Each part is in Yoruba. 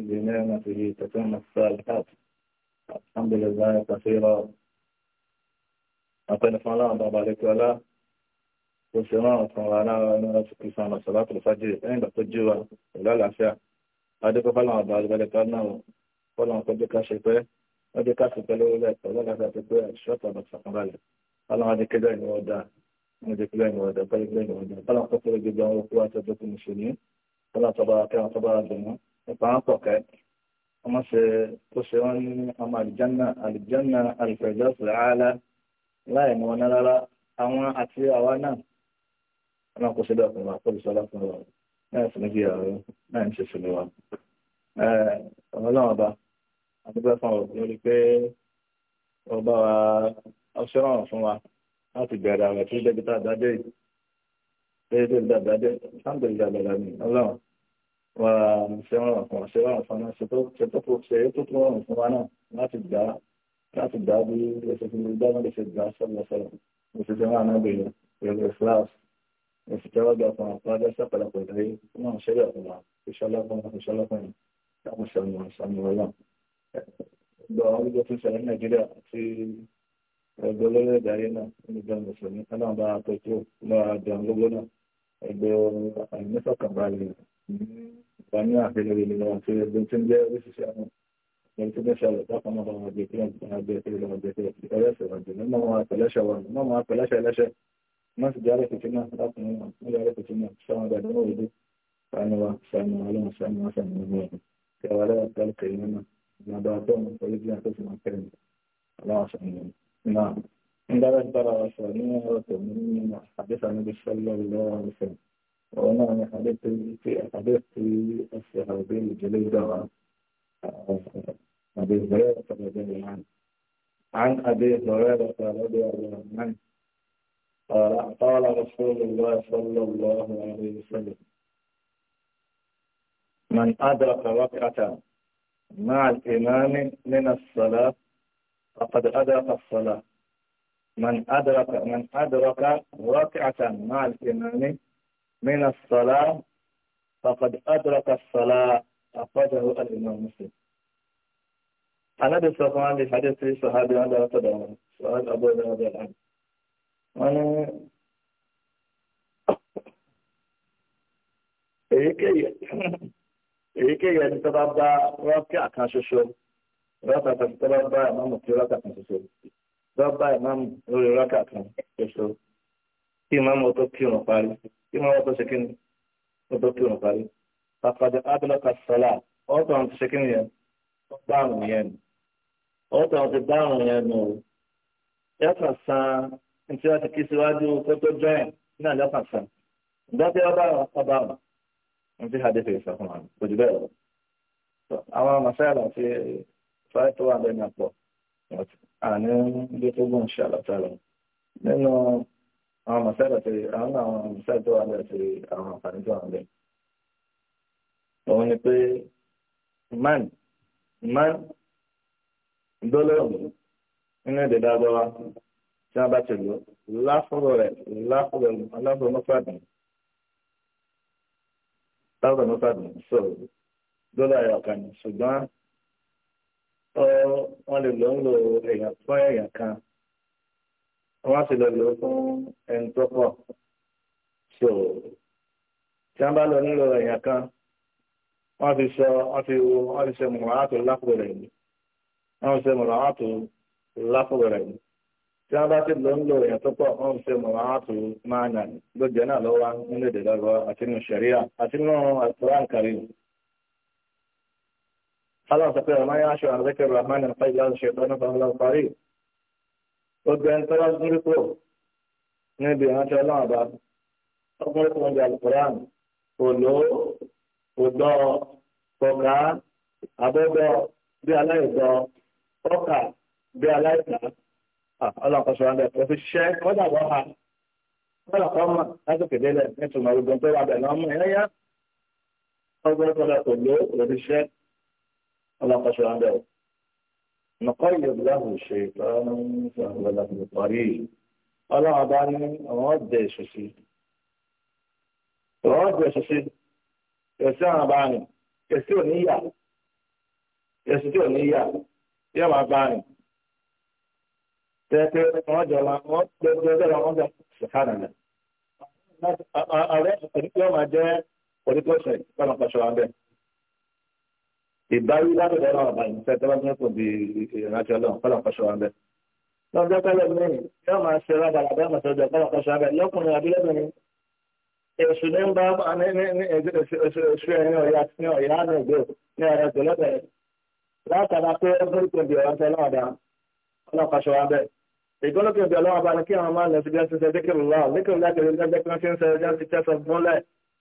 بنعمته تتم الصالحات الحمد لله كثيرا أقول فلا بابا لك ولا وسلام فلا نسكي سنة صلاة الفجر عند الفجر ولا العشاء هذا فلا بابا لك أنا فلا قد كشفه قد كشف له لا ولا لا تقول شرط بس قبل فلا هذا كذا يودا هذا كذا يودا فلا كذا يودا فلا قصر جدا وقوة تدك المسلمين فلا تبارك تبارك جميعا pàápọ̀kẹ́ ọmọ ṣe tó ṣe wọ́n ní ọmọ àlìjánná àlìjánná àlìfẹ̀jọ́sì rárá láì mọ ọ̀nà rárá àwọn àti àwa náà ọmọ kò ṣe dọ̀kùnrin wa kó lè sọ lọ́kùnrin wa náà sì ní bí ọ̀rọ̀ náà ń ṣe sí ni wa. ọlọ́run ọba àdúgbò fún ọ lórí pé ọba wa ọṣẹ́ rọrùn fún wa láti bẹ̀rẹ̀ àwẹ̀ tó dẹ́gbẹ́ta dáadé yìí déédéé dáadáa dé sáńdẹ̀lì dáadáa ní ọlọ́run wà ṣe rọrùn kan ṣe rọrùn kan náà ṣe tó ṣe tó tó rọrùn fún wa náà láti gbà láti gbà bí ẹsẹ̀ tó lè gbà wọ́n lè ṣe gbà sọ́lọ́sọ́lọ́ mo ṣe ṣe wọn àná bèrè bèrè flaus mo sì tẹ́wọ́ gbà fún àwọn ọjọ́ sọ́pọ̀lọpọ̀ ìdáyé náà ṣe rẹ̀ fún wa ìṣọ́lọ́fún ìṣọ́lọ́fún yìí láwọn sọ̀rọ̀ sọ̀rọ̀ ọlọ́run gbọ́ àwọn gbogbo tó ṣẹlẹ̀ nàìjíríà àti ẹgbẹ́ olóyè ìdáyé náà nígbà mùsùlùmí ọlọ́run bá pẹ̀tù lọ́ra jẹun lógún náà ẹgbẹ́ àìníṣọ̀kànbalẹ̀ فأنا أحسن لي من الأنفير بنتم جاء بس يعني يمكن إن شاء الله تقع ما هو مديتين مديتين مديتين ثلاثة مديتين إنما هو ثلاثة وإنما هو ثلاثة ثلاثة ما سجارة كنا خلاص ما سجارة كنا شو هذا هو يدي فأنا فأنا على ما فأنا فأنا ما كوالا ذلك إنما ما بعدهم من كل جهة تسمع كلمة الله سبحانه نعم إن درس درس وإنما وتمنى حدث عن النبي صلى الله عليه وسلم وأنا حديثي في حديثي الصحابي الجليل ده أبي هريرة رضي الله عنه عن أبي هريرة رضي الله عنه قال قال رسول الله صلى الله عليه وسلم من أدرك ركعة مع الإمام من الصلاة فقد أدرك الصلاة من أدرك من أدرك ركعة مع الإمام من الصلاة فقد أدرك الصلاة أخرجه الإمام مسلم عن أبي سفيان لحديث صحابي عند رتبه سؤال أبو ذر رضي الله عنه èyíkéyìí ẹni tó bá bá rọ́ọ̀kì àkan ṣoṣo rọ́ọ̀kì àkan tó bá bá ìmáàmù tí rọ́ọ̀kì àkan ṣoṣo bá bá ìmáàmù lórí rọ́ọ̀kì àkan ṣoṣo kí ìmáàmù tó kírun parí kí wọ́n tó ṣe kíni tó tó kírun parí pàpàdé adúlọ́kà sọ́lá ọ̀tọ̀ àwọn ti ṣe kíni yẹn ó dáhùn yẹn nù ọ̀tọ̀ àwọn ti dáhùn yẹn nù yàtọ̀ san nítorí wọ́n ti kí síwájú pé tó jọyìn ní àjọpọ̀ san ìdájọ́ ọba ọba ọ̀nà ní ti hàdé fèrèsé fún wa kò jù bẹ́ẹ̀ lọ àwọn masáyàlá ti fáyé tó wà lẹ́nu àpọ̀ àní ilé tó gùn ṣàlàtà lọ nínú àwọn mọ̀sálà ti àwọn àwọn mọ̀sálà tó wà lẹ̀ ti àwọn àǹfààní tó wà lẹ̀. òun ni pé man man dọ́lọ́ọ̀lù nínú èdè dáadọ́wà tí wọ́n bá ti lò láfọ̀rọ̀ rẹ̀ láfọ̀rọ̀ láfọ̀rọ̀ mọ́fàdì láfọ̀rọ̀ mọ́fàdì sọ̀rọ̀ dọ́là ẹ̀yà kan ṣùgbọ́n wọ́n lè lọ́ọ́ lò èèyàn fún èèyàn kan. wọ́n sì lọ lò fún ẹni tó pọ̀ so tí wọ́n bá lọ nílò èèyàn kan wọ́n fi sọ wọ́n fi wo wọ́n fi ṣe mọ̀ràn àtò yìí wọ́n fi ṣe mọ̀ràn àtò yìí tí wọ́n bá sì lọ nílò èèyàn tó pọ̀ wọ́n fi ṣe mọ̀ràn àtò máa yàn lójẹ náà lọ́wọ́ èdè lọ́wọ́ àti sẹ̀ríà àti àtúrán kàrí. Allah gbogbo ẹni tó bá gúnrí kúrò níbi ọba ọkùnrin kò ń di alukoran kò lò ó kò gbọ́ kò ká àbọ̀gbọ́ نقيض له الشيطان فهو له طريق قال عباني رد شسيد رد يا يسعى باني يسيو نية يسيو يا يما باني يا عباني رجل رجل سبحان الله أرى يوم أجل ولكن شيء فلن قشوا عن ذلك ìbáwí látọ̀dọ̀ náà bá yìí fẹ́ tọ́lá mẹ́kọ̀ọ́ di ìrìnàjò ọlọ́run kọ́lọ̀ kọ́ṣọ́ wa bẹ́ẹ̀. lọ́n jẹ́ kọ́lọ̀ mẹ́rin yóò máa ṣe rọ́bà àbí àmọ̀ tó jẹ́ kọ́lọ̀ kọ́ṣọ́ wa bẹ́ẹ̀ lọ́kùnrin àbí lẹ́bìnrin. èṣù ní ń bá èṣù ẹ̀yìn ọ̀yà ní ọ̀yà ní ìgbé ní ọ̀rẹ́ tó lọ́bẹ̀rẹ̀. látara pé ẹgbẹ́rún kò di ọ̀rọ̀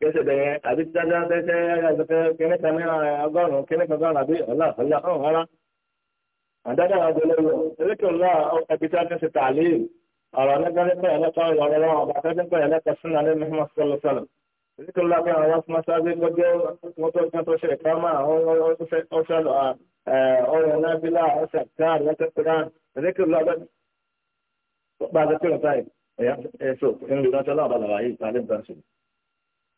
kẹsẹ̀ bẹ̀rẹ̀ àbí dáadáa tẹ́tẹ́ kẹ́mẹ́ kan náírà ọgọ́rùn-ún kẹ́mẹ́ kan náírà àbí ọ̀la ọ̀la ọ̀hún rárá. àdáda àwọn ọgbẹ́ lọ́wọ́ elétò ńlá ẹbí tí a fẹ́ ṣe tààlé ọ̀rọ̀ anẹ́gbẹ́rẹ́gbẹ́ ẹlẹ́kọ̀ọ́ ìlọrọ̀ wọn ọba akẹ́gbẹ́gbẹ́ ẹlẹ́kọ̀ọ́ sínú alẹ́ mẹ́fà sọ̀lọ̀ sọ̀lọ̀ elétò ńlá bí àwọn afúnmá sáré gbọ́jọ́ wọ́n tó gbọ́n tó ṣe ìkámá ọ̀ṣẹ́ ọ̀rọ̀ nábílà ọ̀ṣẹ́ àkáàr lọ́tẹ́ kúrán elétò ńlá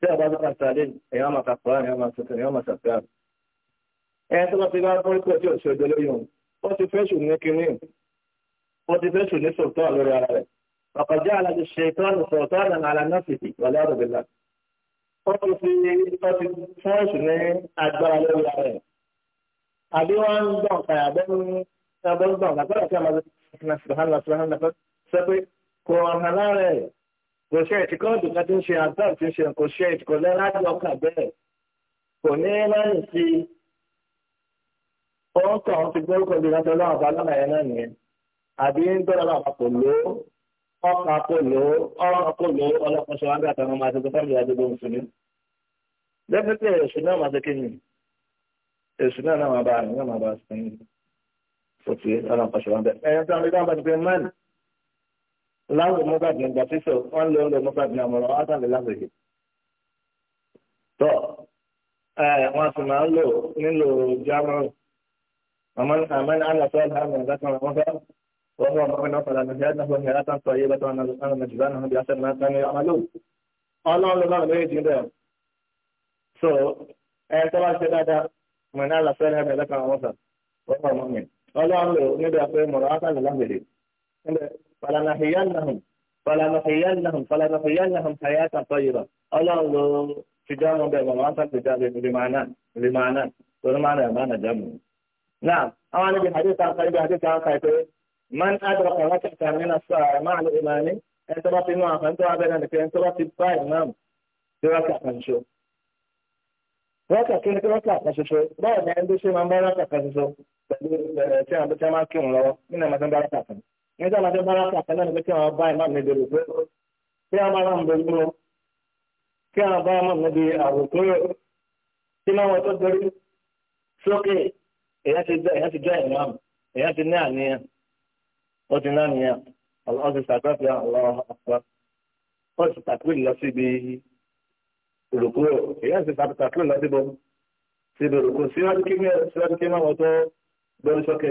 tí a bá tó kàtà lé ẹ̀yàn máa kàkọ́ àrùn ẹ̀yàn máa tuntun ẹ̀yàn máa sàfihàn. ẹ̀yàn tó bá ti bá fọ́n pẹ̀ tí òṣèlú lóyún wọ́n ti fẹ́ sùn ní kínní wọ́n ti fẹ́ sùn ní sọ̀tọ́ lórí ara rẹ̀. ọ̀kọ̀jẹ́ alájú ṣe tọ́nù sọ̀tọ́ àná àlà náà sì wọ́n ti fi wọ́n ti ní agbára lórí ara rẹ̀. àbí wọ́n ń gbọ̀n kò ṣe ìtìkọ́ọ̀dù kan tó ń ṣe azab tó ń ṣe kò ṣe ìtìkọ́lẹ́ láti ọkà bẹ́ẹ̀ kò ní lẹ́yìn sí orúkọ àwọn ti gbórúkọ bí wọ́n ti lọ́wọ́ àbá lọ́nà yẹn náà nìyẹn àbí ń gbọ́dọ̀ lọ́wọ́ àpapọ̀ ló ọkọ̀ àpò ló ọ̀rọ̀ àpò ló ọlọ́kùnṣe wọn gbàtà wọn máa ti gbọ́ fáwọn ìyàgbé gbóhùn sí ni. dẹ́pẹ́tẹ́ èṣù náà máa ti kí ni èṣù náà náà máa bá a náà máa bá a sí langue mobile din ba fi so on lo lo mobile din amoro ata le language to eh wọ́n sì máa ń lò nílò german aman aman ala sal ha man zakar wa fa wa huwa ma kana fala najadna wa hiya tan tayyiba wa anal an najzana bi asal ma kanu ya'malun ala lo la le din da so eh to wa se dada man ala sal ha man zakar wa fa wa huwa mu'min ala lo ni da falanahiyannahum falanahiyannahum falanahiyannahum hayatan tayyiba ọlọ́run ló ti dáhùn ọbẹ̀ wọn wọn sábẹ̀ jáde lèmánà lèmánà tó ní mánà ìmánà jámù. náà àwọn níbi hadith kan kan ibi hadith kan kan pé man adraka rak'atan min as-sa'a ma'a al-imami ẹni tó bá ti mú àkàn tó wà bẹ́ẹ̀ náà nìkan ẹni tó bá ti bá ìmáàmù tó rákà kan ṣo. rákà kí ni tó rákà kan ṣoṣo báwo ni ẹni tó ṣe máa ń bá rákà kan ṣoṣo pẹ̀lú ẹ̀ tí àwọn tó ti máa ń kírun lọ́wọ́ nínú ẹ̀ máa ń bá rákà kan ṣoṣo. e máa fẹ́ bára fún na nígbà tí àwọn bá ìmáà mi dèrò pé kí àwọn bára mi bẹ mú wọn kí àwọn bára mi níbi àwòkọ́ kí láwọn tó dorí sókè èyàn ti jọ ìmáàmù èyàn ti ní àníyàn ó ti ní àníyàn ó ti sàkóso àwọn ọ̀pọ̀ ó ti si lọ síbi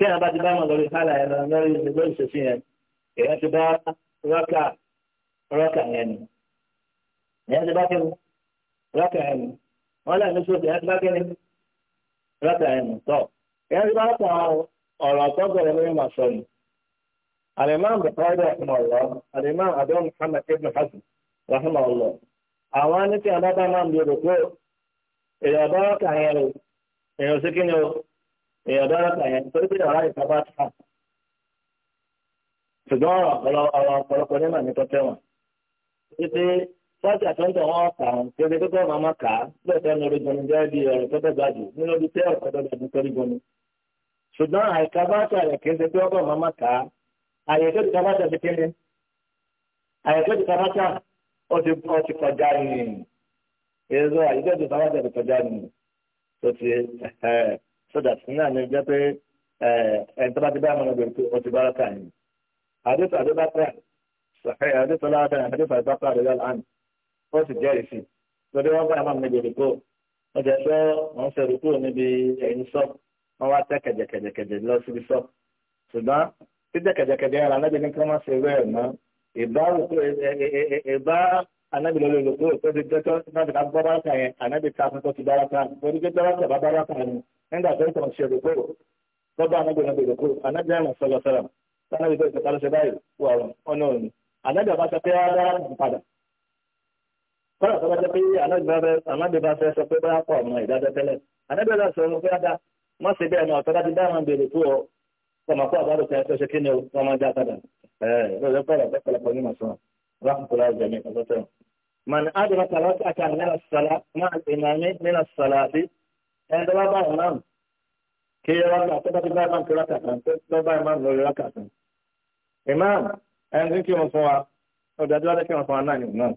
tí a bá ti bá wọn lórí hálà ẹ̀ lọ́nà lórí ìṣègbè ìṣèṣì yẹn èèyàn ti bá rọ́kà rọ́kà yẹn ni èèyàn ti bá kí ni rọ́kà yẹn ni wọ́n lẹ́yìn ní sọ́ọ̀tì èèyàn ti bá kí ni rọ́kà yẹn ni tọ́ èèyàn ti bá kọ́ ọ̀rọ̀ àtọ́gbọ̀rọ̀ lórí màá sọ ni. alimam bukhari rahma allah alimam abu muhammad ibn hasan rahma allah àwọn ní tí a bá bá máa ń bí rògbò èèyàn bá rọ́kà yẹn rò èèyàn sí èèyàn dára kà yẹn torí pé ọ̀rá ìta bá tà ṣùgbọ́n ọ̀rọ̀ ọ̀pọ̀lọpọ̀ nígbà ní tó tẹ̀wọ̀n títí fọ́ọ̀tì àtúntò wọn kà ń kéde kókó màmá kà á lóòótọ́ ní orígun ní jẹ́ bí ọ̀rọ̀ tó tẹ̀ gbàdú nínú ibi tẹ́ ọ̀rọ̀ tó tẹ̀ torí gun ni ṣùgbọ́n àìka bá tà rẹ̀ kéde pé ọkọ̀ màmá kà á àyẹ̀kẹ́ ti kábàtà ti kéde àyẹ̀kẹ́ ti sọdà tí náà ní jẹ́ pé ẹni tó bá ti bá àmọ́ ọgbẹ̀rún tó ọtí bá rákà yìí àdéhùn àdébákà sàfẹ́ àdéhùn láàbẹ̀ àdéhùn àdébákà àdéhùn àná wọ́n sì jẹ́ ìsìn lọ́dẹ wọn bá àmọ́ ọgbẹ̀rún tó wọ́n jẹ́ pé wọ́n ń sẹ̀rù kúrò níbi ẹ̀yìn sọ́ọ̀bù wọ́n wá tẹ́ kẹ̀jẹ̀kẹ̀jẹ̀kẹ̀jẹ̀ lọ síbi sọ́ọ̀bù ṣùgbọ́n tí kẹ̀jẹ̀kẹ̀jẹ̀ ara lẹ́bi ní kí wọ́n má ṣe rẹ̀ mọ́ ìbá anabi lọ́lọ́ lọ́pọ̀ òpin ti gẹ́tọ́ láti ká gbọ́ báràkà yẹn anabi ká fún tó ti báràkà torí gẹ́tọ́ láti bá báràkà yẹn nígbà tó ń tàn ṣe lọ́pọ̀ lọ́pọ̀ anabi lọ́pọ̀ lọ́pọ̀ anabi àmọ̀ sọ̀rọ̀ sọ̀rọ̀ anabi tó ìtọ́ka lọ́sẹ̀ báyìí wà ọ̀nà òní anabi àbá sọ pé ara ń padà kọ́lá tó bá jẹ́ pé anabi bá fẹ́ sọ pé bá pọ̀ ọmọ ìdájọ́ tẹ́lẹ̀ anabi bá sọ pé ada má ṣe bẹ́ẹ̀ náà tọ́lá ti dá àwọn béèrè tó ọ kọ̀mọ̀kọ́ àbárò tẹ́ ẹ fẹ́ ṣe kí رحمة الله الجميع من أدرك ركعة من الصلاة مع الإمام من الصلاة عندما بقى إمام كي يرى تبقى بقى إمام في ركعة تبقى إمام في ركعة إمام عندما كي مصوى ودادوا لك مصوى ناني نعم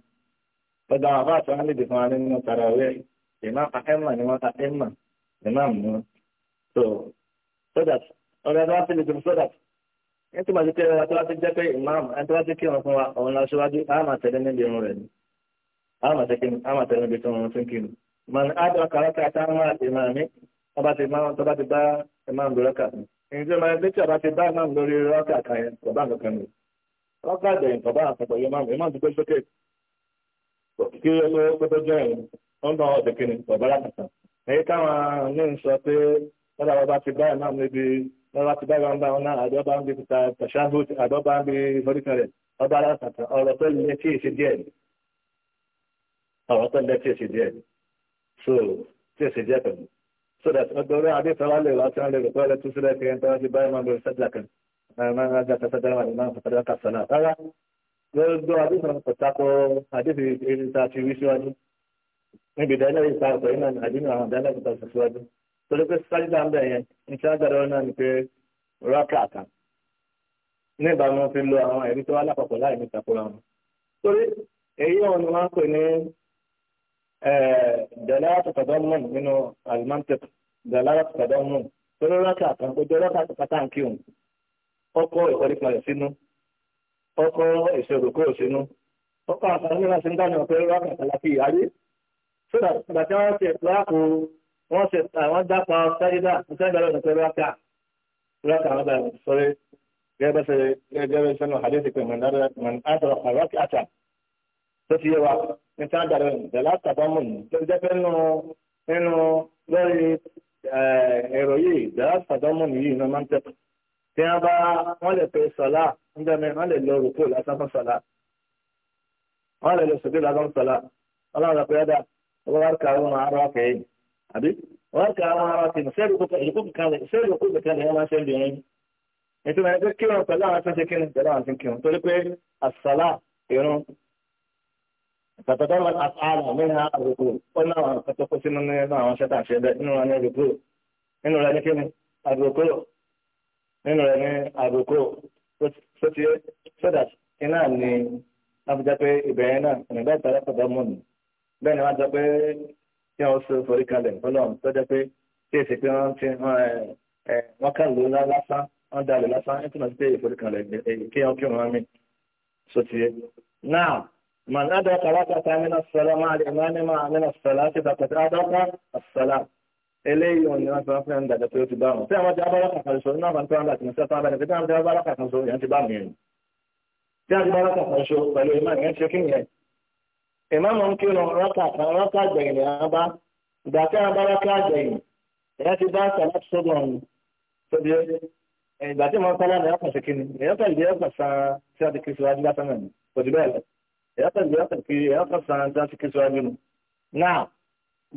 فدعا بات عن دفعان من تراويح إمام أئمة إمام أئمة إمام so so that ọ̀rẹ́dọ́ á ti lè dùn so that ẹni tó bá ti pé ẹni tó bá ti jẹ́ pé ìmáàmù ẹni tó bá ti kírun fún wa òun la ṣíwájú á máa tẹ̀lé níbi irun rẹ̀ ni á máa tẹ̀lé níbi tí wọ́n ti ń kírun. màá ní àjọ kàrákà tá a máa ti máa mí tó bá ti bá Imam lórí ọkà mi. èyí tó máa létí ọba ti bá ìmáàmù lórí ọkà kan yẹn kò bá nǹkan kan mi. ọkà àgbẹ̀yìn kò bá àpapọ̀ yẹn máàmù ìmáàmù ti gbé sókè kí ó tó lọ́wọ́ ti bá gbangba wọn náà àdó bá ń gbé fúta tàṣáhù àdó bá ń gbé foríkalẹ̀ ọba alásàtà ọ̀rọ̀ tó lẹ tí èsì díẹ̀ ni ọ̀rọ̀ tó lẹ tí èsì díẹ̀ ni so tí èsì díẹ̀ pẹ̀lú so that ọgbọ̀rọ̀ adéfẹ́wà lè rà tí wọ́n lè rò pẹ́ẹ́lẹ́ tó sílẹ̀ kí ẹni tó wá ti bá ìmọ̀ lórí sẹ́dílà kan máa ń gàtà sẹ́dílà wọn máa ń fọ̀tàdà kàṣánà rárá lọ́dọ̀ adéfẹ́wà pọ̀tàkọ́ adéfẹ́wà ti wí síwájú níbi ìdánilẹ́yìn torí pé sájúdà ń bẹ̀ yẹn ní sájúdà náà ni pé rákà kan ní ìbámu fi lo àwọn ẹ̀rí tó wá lápapọ̀ láì ní ìtakùrọ̀ wọn. torí èyí wọn ni wọ́n ń pè ní dàlárà tàdámùn nínú alimantik dàlárà tàdámùn torí rákà kan gbogbo rákà pátá ń kírun ọkọ ìkọ́lípalẹ̀ sínú ọkọ ìṣòro kúrò sínú ọkọ àfààní láti ń dáná pé rákà kan láti ìyáyé wọ́n ṣe àwọn ah, dápa sáyédà sáyédà lọ́dọ̀ pé rákà rákà àwọn bá sọrí gẹ́gẹ́ ṣe gẹ́gẹ́ sẹ́nu àdéhùn pé mọ̀n àtọ̀rọ̀ àrákì àtà tó ti yé wa ní sáyédà lọ́dọ̀ dẹ̀lá tàbámù ní tó jẹ́ pé nínú nínú lórí ẹ̀rọ eh, yìí dẹ̀lá tàbámù yìí ní máa ń tẹ̀ tí wọ́n bá wọ́n lè pe sọ̀lá nígbà mẹ́rin wọ́n lè lọ rúkú lásán fún sọ̀lá wọ́n lè lọ sọ̀dí àbí wọ́n kà àwọn ará tìǹbù sẹ́ẹ̀lì òkú kalẹ̀ sẹ́ẹ̀lì òkú kalẹ̀ wọ́n máa ń sẹ́ẹ̀lì ẹ̀yìn nítorí ẹni pé kírun pẹ̀lú àwọn sẹ́ẹ̀sẹ̀ ni. pẹ̀lú àwọn sẹ́ẹ̀sẹ̀ kírun torí pé àṣàlà irun tàtàtàwọn àṣàlà nínú àrùkù wọn náà wọn kọ́tọ́ kó sínú nínú àwọn sẹ́tà ṣe bẹ́ẹ̀ nínú rẹ̀ ní rùkú nínú rẹ̀ ní kíni àrùkù nínú rẹ̀ ní àrùkù tó ti sọ́dà iná ni wọ́n fi jẹ́ pé ìbẹ̀rẹ̀ náà ìgbà ìtàlẹ́ tí wọ́n so forí kalẹ̀ fọlọ́run tó jẹ́ pé tí èsì pé wọ́n ti wọ́n kà ló lásán wọ́n dalẹ̀ lásán ní túnmọ̀ sí pé ìforí kalẹ̀ kí wọ́n kí wọ́n mi so ti yẹ. náà màá náà dọ́ka lákàtà nínú sọlá máa lè máa ní máa nínú sọlá ti bàtàkì àdọ́kà àsọlá eléyìí òní wọn fẹ́ràn fẹ́ràn dàgbà tó ti bá wọn tí àwọn ti abala kàkàrọ̀ sọ náà ìmáàmù ń kírun rákà kan rákà gbẹ̀yìn lẹ́yìn bá ìgbà tí wọ́n bá rákà gbẹ̀yìn ẹ̀yà ti bá sàlátì sọ́gbọ̀n ọ̀hún tóbi ìgbà tí wọ́n sálá lẹ́yìn pàṣẹ kí ni ẹ̀yà pàṣẹ ìdí ẹ̀kọ́ san tí a ti kí síwájú lásán náà kò jù bẹ́ẹ̀ lọ ẹ̀yà pàṣẹ ìdí ẹ̀kọ́ kí ẹ̀yà pàṣẹ san tí a ti kí síwájú nù. náà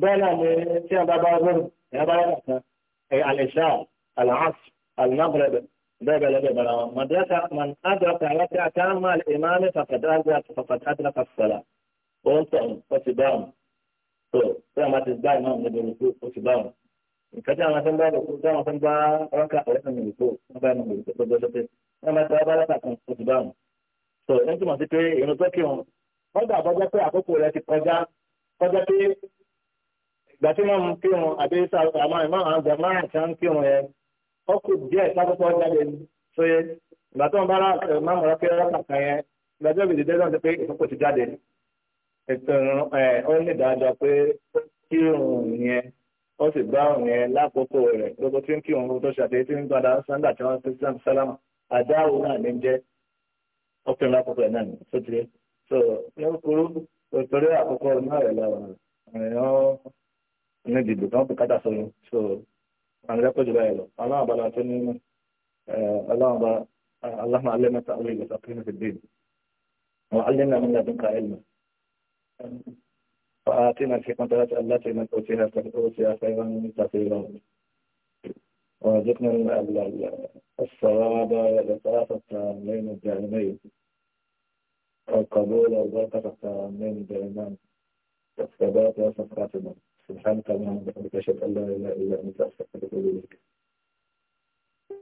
bẹ́ẹ̀ náà ni tí wọ́n bá bá ọgbọ́n ẹ̀yà bá rákà kan àlẹ́ṣà àlàáṣì àlùmábùrẹ́bẹ̀ باب لبيب من أدرك ركعتان مع الإمام فقد أدرك فقد أدرك الصلاة wọ́n tọ̀ wọ́n ti bá wọn tó tí àwọn ti gbá ìmọ̀ níbi olùkó ó ti bá wọn nǹkan tí àwọn afẹ́ńbá lòkó tí àwọn afẹ́ńbá ọ̀rọ̀kà ọ̀rẹ́sìn mi lòkó wọ́n bá mi lòkó tó gbọ́dọ̀ pé wọ́n máa tẹ abálákà kan ó ti bá wọn tó ẹni tí mo ti pé irun tó kí wọn wọ́n gbà bọ́jọ́ pé àkókò rẹ ti kọjá kọjá pé ìgbà tí wọ́n kí wọn àbí sáwọn àmọ́ àwọn jàmáà ìtàn ẹ̀ ó ní ìdájọ́ pé kí òun yẹn ó sì bá òun yẹn lákòókò rẹ̀ gbogbo tí ń kí òun tó ṣàdé tí ń padà sanda tí wọ́n náà so ní kúrú òtòrí àkókò náà rẹ̀ lọ́wọ́ ẹ̀yàn ní kan bùkátà so àwọn ẹ̀kọ́ jùlọ ẹ̀ lọ aláwọ̀ bá tó ní aláwọ̀ bá aláwọ̀ alẹ́ mẹ́ta وآتنا الحكمة التي من أوتيها فقد أوتي خيرا كثيرا ورزقنا الصواب والإطاعة التامين الدائمين والقبول والبركة التامين الدائمين والثبات وصفاتنا سبحانك اللهم وبحمدك أشهد أن لا إله إلا أنت أستغفرك وأتوب إليك